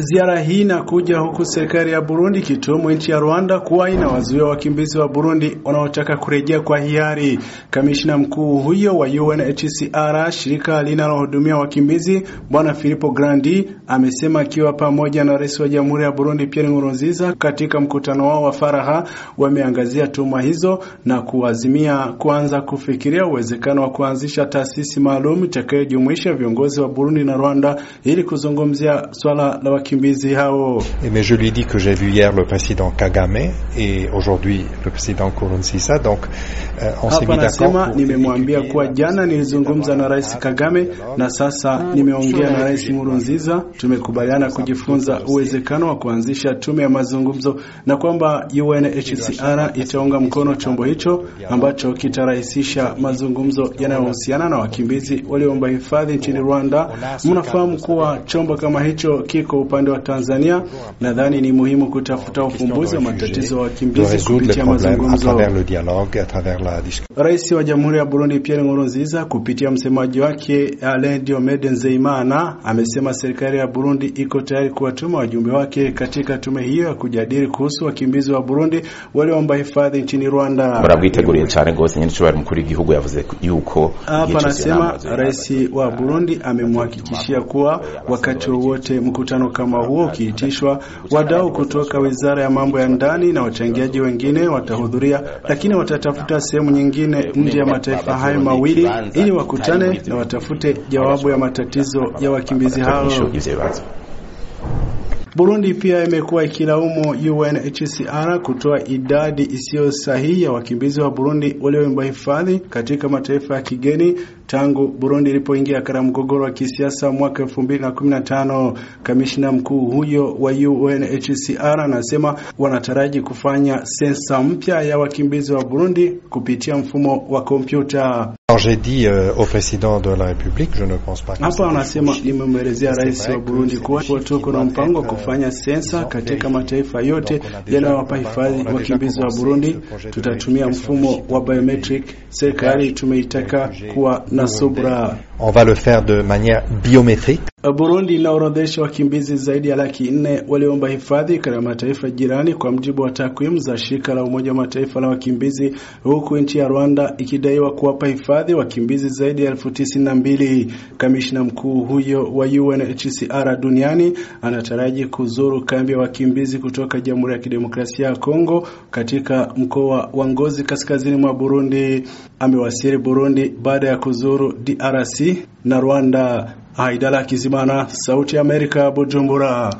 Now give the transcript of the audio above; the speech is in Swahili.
Ziara hii inakuja huku serikali ya Burundi ikituhumu nchi ya Rwanda kuwa inawazuia wakimbizi wa Burundi wanaotaka kurejea kwa hiari. Kamishina mkuu huyo wa UNHCR, shirika linalohudumia wakimbizi, Bwana Filippo Grandi amesema akiwa pamoja na Rais wa Jamhuri ya Burundi Pierre Nkurunziza katika mkutano wao wa faraha, wameangazia tuhuma hizo na kuazimia kuanza kufikiria uwezekano wa kuanzisha taasisi maalum itakayojumuisha viongozi wa Burundi na Rwanda ili kuzungumzia swala la wakimbizi hao. Eh, mais je lui ai dit que j'ai vu hier le président Kagame et aujourd'hui le président Nkurunziza, donc euh, on s'est mis d'accord. Nimemwambia kuwa jana nilizungumza na Rais Kagame na sasa ah, nimeongea na Rais Nkurunziza, tumekubaliana kujifunza uwezekano wa kuanzisha tume ya mazungumzo na kwamba UNHCR itaunga mkono chombo hicho ambacho kitarahisisha mazungumzo yanayohusiana na wakimbizi walioomba hifadhi nchini Rwanda. Mnafahamu kuwa chombo kama hicho kiko upande upande wa Tanzania, nadhani ni muhimu kutafuta ufumbuzi wa matatizo ya wakimbizi kupitia mazungumzo. Rais wa Jamhuri ya Burundi Pierre Nkurunziza kupitia msemaji wake Alain Diomede Nzeimana amesema serikali ya Burundi iko tayari kuwatuma wajumbe wake katika tume hiyo ya kujadili kuhusu wakimbizi wa Burundi walioomba hifadhi nchini Rwanda. Hapa anasema rais wa Burundi amemhakikishia kuwa wakati wowote mkutano kama mkutano huo ukiitishwa, wadau kutoka wizara ya mambo ya ndani na wachangiaji wengine watahudhuria, lakini watatafuta sehemu nyingine nje ya mataifa hayo mawili ili wakutane na watafute jawabu ya matatizo ya wakimbizi hao. Burundi pia imekuwa ikilaumu UNHCR kutoa idadi isiyo sahihi ya wakimbizi wa Burundi walioomba hifadhi katika mataifa ya kigeni tangu Burundi ilipoingia katika mgogoro wa kisiasa mwaka 2015. Kamishna mkuu huyo wa UNHCR anasema wanataraji kufanya sensa mpya ya wakimbizi wa Burundi kupitia mfumo wa kompyuta. J'ai dit uh, au président de la République, je ne pense pas. Hapa anasema imemwelezea rais wa Burundi kuwa tuko na mpango wa euh, kufanya sensa katika mataifa yote yanayowapa hifadhi wakimbizi wa Burundi. Tutatumia mfumo wa biometric. Serikali tumeitaka kuwa na subra on va le faire de manière biométrique. Burundi inaorodhesha wakimbizi zaidi ya laki nne waliomba hifadhi katika mataifa jirani kwa mjibu wa takwimu za shirika la Umoja wa Mataifa la wakimbizi, huku nchi ya Rwanda ikidaiwa kuwapa hifadhi wakimbizi zaidi ya elfu tisini na mbili. Kamishna mkuu huyo wa UNHCR duniani anataraji kuzuru kambi ya wakimbizi kutoka Jamhuri ya Kidemokrasia ya Kongo katika mkoa wa Ngozi kaskazini mwa Burundi. Amewasili Burundi baada ya kuzuru DRC na Rwanda. Haidala Kizimana, Sauti ya Amerika, Bujumbura.